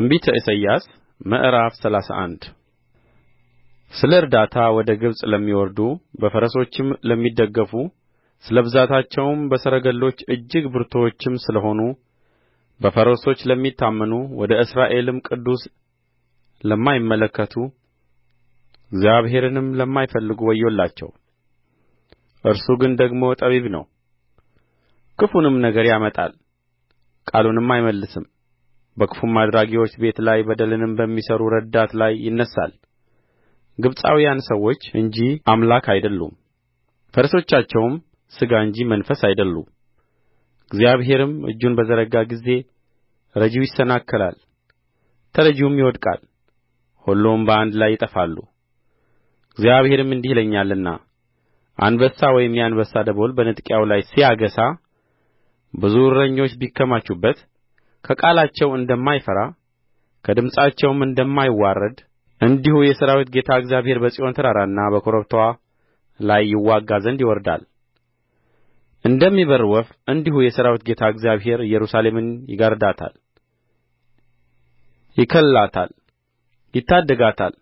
ትንቢተ ኢሳይያስ ምዕራፍ ሰላሳ አንድ ስለ እርዳታ ወደ ግብጽ ለሚወርዱ በፈረሶችም ለሚደገፉ ስለ ብዛታቸውም በሰረገሎች እጅግ ብርቱዎችም ስለ ሆኑ በፈረሶች ለሚታመኑ ወደ እስራኤልም ቅዱስ ለማይመለከቱ እግዚአብሔርንም ለማይፈልጉ ወዮላቸው። እርሱ ግን ደግሞ ጠቢብ ነው፣ ክፉንም ነገር ያመጣል፣ ቃሉንም አይመልስም። በክፉም አድራጊዎች ቤት ላይ በደልንም በሚሠሩ ረዳት ላይ ይነሣል ግብጻውያን ሰዎች እንጂ አምላክ አይደሉም ፈረሶቻቸውም ሥጋ እንጂ መንፈስ አይደሉም እግዚአብሔርም እጁን በዘረጋ ጊዜ ረጂው ይሰናከላል ተረጂውም ይወድቃል ሁሉም በአንድ ላይ ይጠፋሉ እግዚአብሔርም እንዲህ ይለኛልና አንበሳ ወይም የአንበሳ ደቦል በንጥቂያው ላይ ሲያገሳ ብዙ እረኞች ቢከማቹበት ከቃላቸው እንደማይፈራ ከድምፃቸውም እንደማይዋረድ እንዲሁ የሠራዊት ጌታ እግዚአብሔር በጽዮን ተራራና በኮረብታዋ ላይ ይዋጋ ዘንድ ይወርዳል እንደሚበርር ወፍ እንዲሁ የሠራዊት ጌታ እግዚአብሔር ኢየሩሳሌምን ይጋርዳታል ይከልላታል ይታደጋታል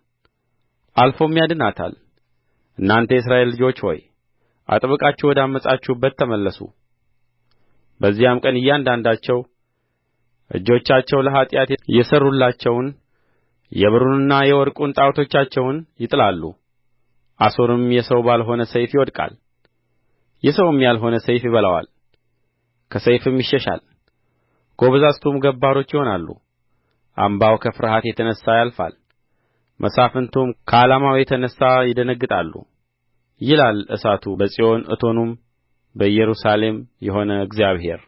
አልፎም ያድናታል እናንተ የእስራኤል ልጆች ሆይ አጥብቃችሁ ወደ ዐመፃችሁበት ተመለሱ በዚያም ቀን እያንዳንዳቸው እጆቻቸው ለኃጢአት የሠሩላቸውን የብሩንና የወርቁን ጣዖቶቻቸውን ይጥላሉ አሦርም የሰው ባልሆነ ሰይፍ ይወድቃል የሰውም ያልሆነ ሰይፍ ይበላዋል ከሰይፍም ይሸሻል ጐበዛዝቱም ገባሮች ይሆናሉ አምባው ከፍርሃት የተነሣ ያልፋል መሳፍንቱም ከዓላማው የተነሣ ይደነግጣሉ ይላል እሳቱ በጽዮን እቶኑም በኢየሩሳሌም የሆነ እግዚአብሔር